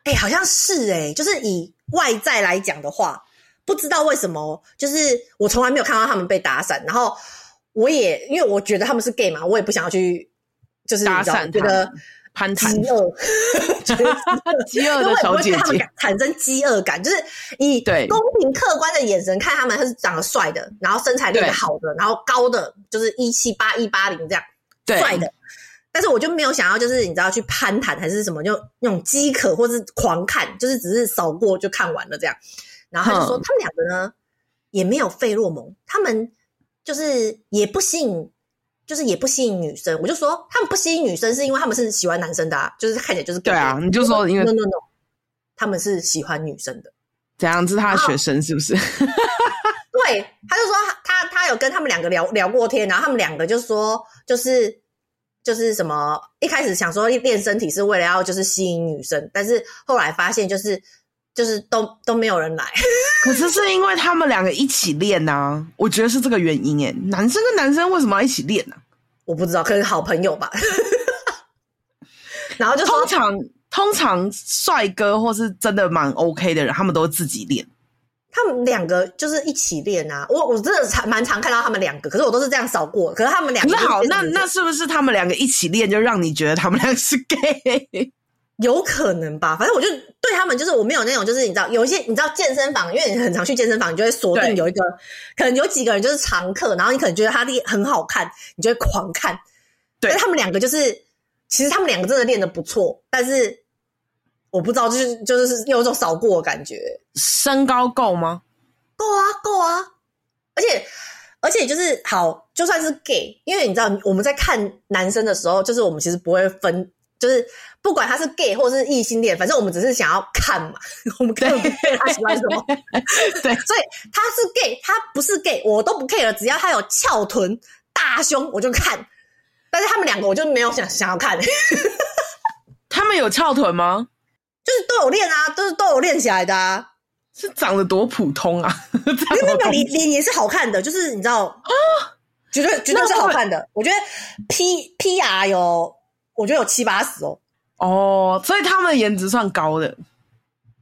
哎、欸，好像是哎、欸，就是以外在來講的話，不知道為什麼，就是我從來沒有看到他們被打散。然後我也因為我覺得他們是 gay 嘛，我也不想要去就是打覺得攀談，飢餓，飢 (laughs) 餓覺得 (laughs) 的對他們產生飢餓感，就是以公平客觀的眼神看他們，他是長得帥的，然後身材特別好的，然後高的，就是一七八一八零這樣，帥的。但是我就沒有想要，就是你知道去攀談還是什麼，就那種飢渴或是狂看，就是只是掃過就看完了這樣。然後他就說他們兩個呢也沒有費洛蒙，他們就是也不吸引，就是也不吸引女生。我就說他們不吸引女生是因為他們是喜歡男生的啊，就是看起來就是對，對啊。你就說因為，說 no, no, no, no，他們是喜歡女生的。怎樣？是他的學生是不是？ (laughs) (laughs) 對，他就說他他有跟他們兩個聊聊過天，然後他們兩個就說就是。就是什麼一開始想說，練身體是為了要就是吸引女生，但是後來發現就是就是都都沒有人來。可是是因為他們兩個一起練呢，我覺得是這個原因誒。男生跟男生為什麼要一起練呢？我不知道，可能是好朋友吧。 (laughs) 然後就通常通常帥哥或是真的蠻 OK 的人，他們都自己練。他們兩個就是一起練啊，我我真的常蠻常看到他們兩個，可是我都是這樣掃過的。可是他們兩個，那好，那那是不是他們兩個一起練就讓你覺得他們兩個是 gay？有可能吧，反正我就對他們就是我沒有那種就是你知道，有一些你知道健身房，因為你很常去健身房，你就會鎖定有一個，可能有幾個人就是常客，然後你可能覺得他的很好看，你就會狂看。對。但他們兩個就是，其實他們兩個真的練的不錯，但是。我不知道，就是就是是有一種掃過的感覺。身高夠嗎？夠啊，夠啊！而且而且就是好，就算是 gay，因為你知道我們在看男生的時候，就是我們其實不會分，就是不管他是 gay 或是異性戀，反正我們只是想要看嘛，我們可以，他喜歡什麼。對， (laughs) 對笑所以他是 gay，他不是 gay，我都不 care 了。只要他有翹臀、大胸，我就看。但是他們兩個，我就沒有想想要看。 (laughs) 他們有翹臀嗎？就是都有練啊，都、就是都有練起來的啊。是長得多普通啊？因 (laughs) 為沒有臉，臉也是好看的，就是你知道啊，絕對絕對是好看的。我覺得 P P R 有，我覺得有七八十哦。哦，所以他們的顏值算高的，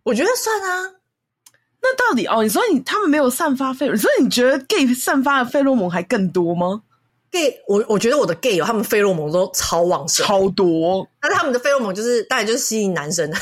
我覺得算啊。那到底哦，你說你他們沒有散發費，所以你覺得 Gay 散發的費洛蒙還更多嗎？Gay，我我覺得我的 Gay 有他們費洛蒙都超旺盛，超多。那他們的費洛蒙就是當然就是吸引男生的。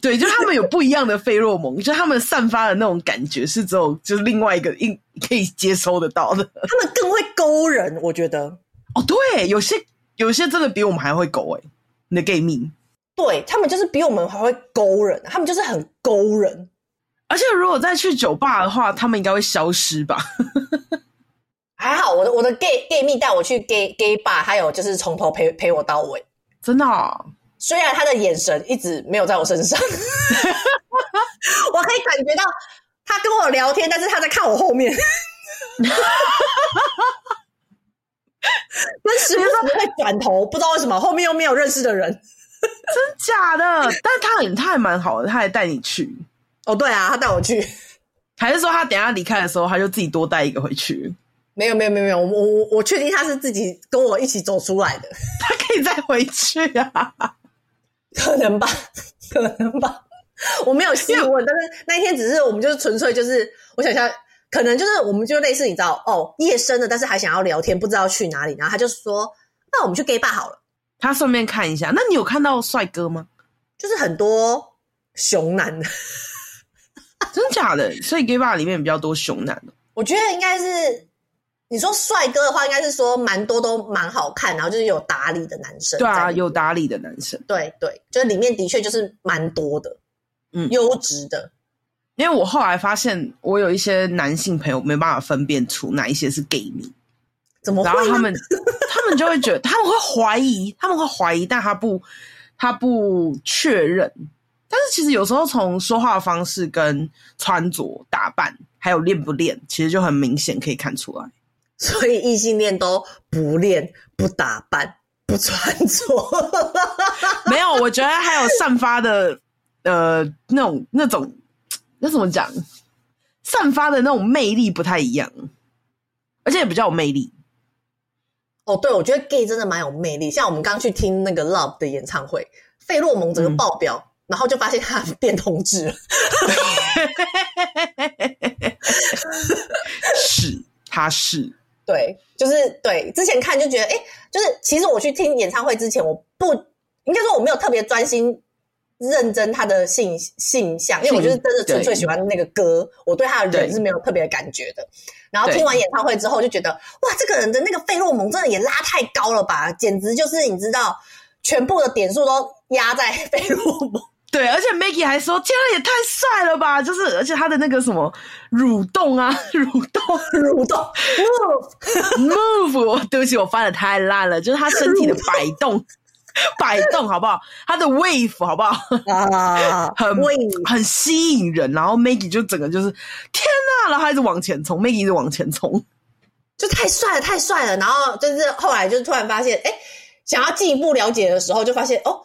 對，就他們有不一樣的費洛蒙， (laughs) 就他們散發的那種感覺是只有就是另外一個 gay 可以接收得到的。他們更會勾人，我覺得。哦，對，有些有些真的比我們還會勾誒、欸、你的 gay 蜜。對，他們就是比我們還會勾人，他們就是很勾人。而且如果再去酒吧的話，他們應該會消失吧。 (laughs) 還好，我的我的 gay gay 蜜帶我去 gay gay bar 還有就是從頭陪陪我到尾，真的、啊。雖然他的眼神一直沒有在我身上， (laughs) 我可以感覺到他跟我聊天，但是他在看我後面。那時不時會轉頭， (laughs) 不知道為什麼後面又沒有認識的人， (laughs) 真假的？ (laughs) 但他很他還蠻好的，他還帶你去。哦，對啊，他帶我去。還是說他等一下離開的時候，他就自己多帶一個回去？沒有，沒有，沒有，沒有，我我我確定他是自己跟我一起走出來的， (laughs) 他可以再回去啊。可能吧，可能吧， (laughs) 我沒有細問，但是那一天只是我們就是純粹就是，我想想，可能就是我們就類似你知道哦，夜深了，但是還想要聊天，不知道去哪裡，然後他就說，那我們去 gay bar 好了。他順便看一下，那你有看到帥哥嗎？就是很多熊男，真假的？所以 gay bar 裡面比較多熊男， (laughs) 我覺得應該是。你說帥哥的話，應該是說蠻多都蠻好看，然後就是有打理的男生。對啊，有打理的男生。對對，就是裡面的確就是蠻多的，嗯，優質的。因為我後來發現，我有一些男性朋友沒辦法分辨出哪一些是 gay 蜜，怎麼？然後他們 (laughs) 他們就會覺得他們會懷疑，他們會懷疑，但他不他不確認。但是其實有時候從說話的方式、跟穿着打扮，還有練不練，其實就很明顯可以看出來。所以異性戀都不練、不打扮、不穿着， (laughs) 沒有。我覺得還有散發的，呃，那種那種，那怎麼講？散發的那種魅力不太一樣，而且也比較有魅力。哦，對，我覺得 Gay 真的蠻有魅力。像我們剛去聽那個 Love 的演唱會，費洛蒙整個爆表，嗯、然後就發現他變同志。 (laughs) (laughs) 是，他是。對，就是對。之前看就覺得，哎、欸，就是其實我去聽演唱會之前，我不應該說我沒有特別專心認真他的性性向，因為我就是真的純粹喜歡那個歌，我對他的人是沒有特別感覺的。然後聽完演唱會之後，就覺得哇，這個人的那個費洛蒙真的也拉太高了吧，簡直就是你知道，全部的點數都壓在費洛蒙。對，而且 Maggie 還說：“天啊，也太帥了吧！”就是，而且他的那個什麼蠕動啊，蠕動，蠕動，蠕動 (laughs) ，move move，對不起，我翻得太爛了，就是他身體的擺動， (laughs) 擺動，好不好？他的 wave 好不好？啊， (laughs) 很吸引，wave。很吸引人。然後 Maggie 就整個就是，天啊！然後他就往前衝，Maggie 就往前衝，就太帥了，太帥了。然後就是後來就突然發現，哎，想要進一步了解的時候，就發現哦。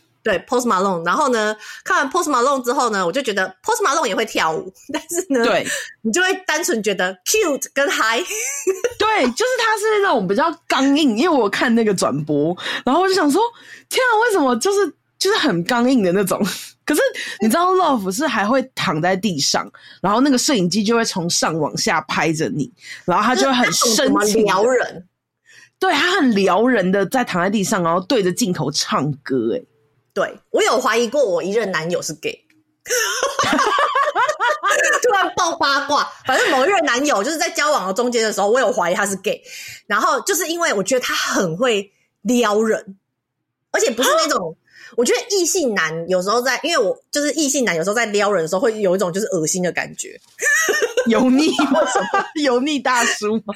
對，Post Malone，然後呢，看完 Post Malone 之後呢，我就覺得 Post Malone 也會跳舞，但是呢，對你就會單純覺得 cute 跟 high。對， (laughs) 就是他是那種比較剛硬，因為我看那個轉播，然後我就想說，天啊，為什麼就是就是很剛硬的那種？ (laughs) 可是你知道，Love 是還會躺在地上，然後那個攝影機就會從上往下拍着你，然後他就會很深情撩人。對，他很撩人的，在躺在地上，然後對着鏡頭唱歌，欸，哎。對我有懷疑過，我一任男友是 gay， (laughs) 突然爆八卦。反正某一任男友就是在交往的中間的時候，我有懷疑他是 gay。然後就是因為我覺得他很會撩人，而且不是那種我覺得異性男有時候在，因為我就是異性男有時候在撩人的時候會有一種就是噁心的感覺，油膩嗎？油膩大叔嗎？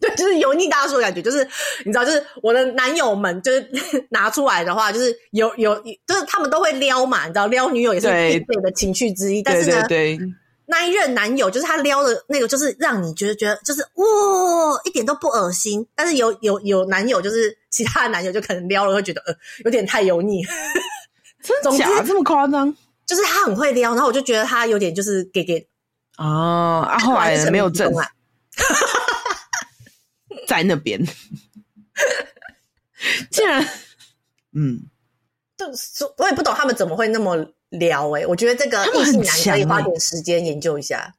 對，就是油膩大叔的感覺，就是你知道，就是我的男友們，就是呵呵拿出來的話，就是有有，就是他們都會撩嘛，你知道，撩女友也是必備的情趣之一，對，但是呢。對對對。那一任男友就是他撩的那個，就是讓你覺得覺得就是哇，一點都不惡心。但是有有有男友，就是其他的男友就可能撩了會覺得呃，有點太油膩。真的假的？ (laughs) 這麼誇張？就是他很會撩，然後我就覺得他有點就是給給。哦，啊，後來、啊啊、後來沒有真愛。 (laughs) 在那邊， (laughs) 竟然， (laughs) 嗯，就是我也不懂他們怎麼會那麼聊哎、欸，我覺得這個他們可以花點時間研究一下，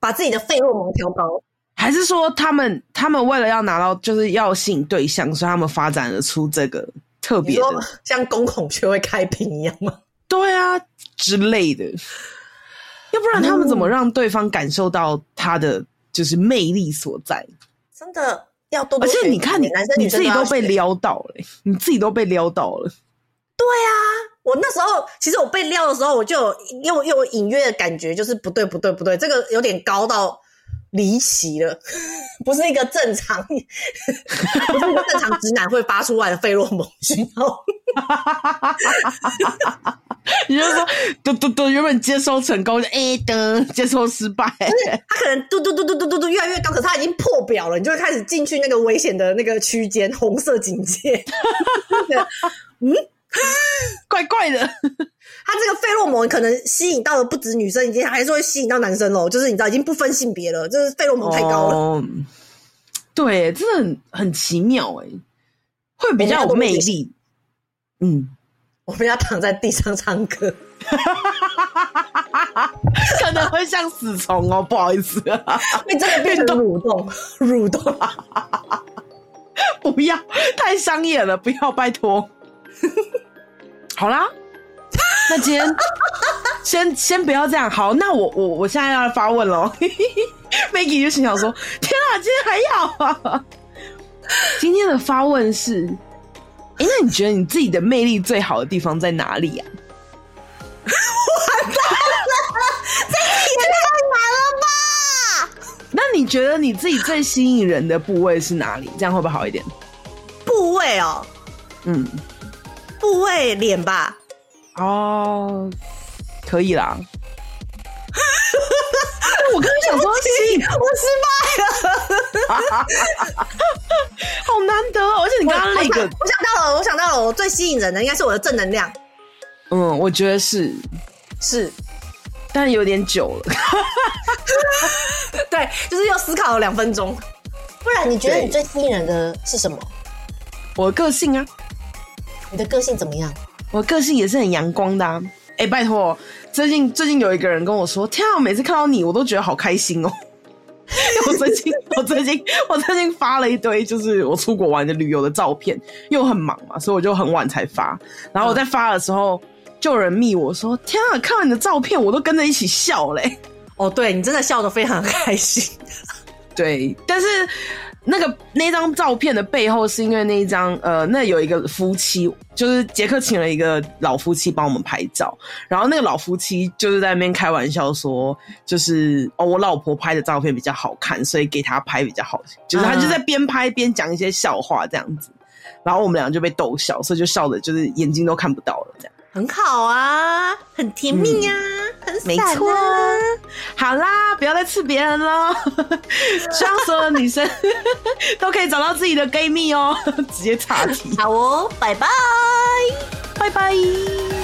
把自己的費洛蒙調高，還是說他們他們為了要拿到就是要性對象，所以他們發展了出這個特別的，說像公孔雀會開屏一樣嗎？對啊之類的，要不然他們怎麼讓對方感受到他的就是魅力所在 (laughs) ？真的。要多，多，而且你看你，你男生女生都，你自己都被撩到了，欸，你自己都被撩到了。對啊，我那時候其實我被撩的時候，我就有又又有隱約的感覺就是不對不對不對，這個有點高到。離奇了，不是一個正常， (laughs) 不是一個正常直男會發出來的費洛蒙，知 (laughs) 道 (laughs) 你也就是說，嘟嘟嘟，原本接收成功，哎，等接收失敗，他可能嘟嘟嘟嘟嘟嘟嘟越來越高，可是他已經破表了，你就會開始進去那個危險的那個區間，紅色警戒。 (laughs) (laughs) 嗯。怪怪的， (laughs) 他這個費洛蒙可能吸引到的不止女生，已經還是會吸引到男生嘍。就是你知道，已經不分性別了，就是費洛蒙太高了。Oh, 對，真的很很奇妙哎、欸，會比較有魅力我。嗯，我們要躺在地上唱歌， (laughs) (laughs) (laughs) 可能會像死蟲哦， (laughs) 不好意思、啊， (laughs) 你真的變成蠕動 (laughs) 蠕動 (laughs) 不要，太商業了，不要，拜託。 (laughs) (laughs) 好啦，那今天先先不要這樣。好，那我我我現在要發問嘍。 (laughs) Maggie 就心想說：“天啊，今天還要啊！” (laughs) 今天的發問是：哎、欸，那你覺得你自己的魅力最好的地方在哪裡啊？我的天，太 (laughs) 難 (laughs) (laughs) 了吧！ (laughs) 那你覺得你自己最吸引人的部位是哪裡？這樣會不會好一點？部位哦，嗯。部位臉吧，哦、oh,，可以啦。 (laughs) 我剛剛想說吸引，我失敗了， (laughs) (laughs) 好難得、哦。而且你剛剛那個我，我想到了，我想到了，我最吸引人的應該是我的正能量。嗯，我覺得是是，但有點久了。 (laughs) 對， (laughs) 就是又思考了兩分鐘。 (laughs) 不然，你覺得你最吸引人的是什麼？我的個性啊。你的個性怎麼樣？我個性也是很陽光的，啊。哎、欸，拜托，最近最近有一個人跟我說：“天啊，每次看到你，我都覺得好開心哦。 (laughs) ”我最近 (laughs) 我最近我最近發了一堆就是我出國玩的旅遊的照片，因為我很忙嘛，所以我就很晚才發。然後我在發的時候，就、嗯、有人密我說：“天啊，看到你的照片，我都跟着一起笑嘞。”哦，對，你真的笑得非常開心。 (laughs) 對，但是。那個那張照片的背後是因為那一張呃，那有一個夫妻，就是傑克請了一個老夫妻幫我們拍照，然後那個老夫妻就是在那邊開玩笑說，就是哦我老婆拍的照片比較好看，所以給他拍比較好，就是他就在邊拍邊講一些笑話這樣子，Uh-huh. 然後我們兩個就被逗笑，所以就笑得就是眼睛都看不到了這樣。很好啊，很甜蜜呀、啊嗯，很、啊、沒錯、啊。好啦，不要再刺別人了。希 (laughs) 望所有的女生都可以找到自己的閨蜜哦。直接岔題。好哦，拜拜，拜拜。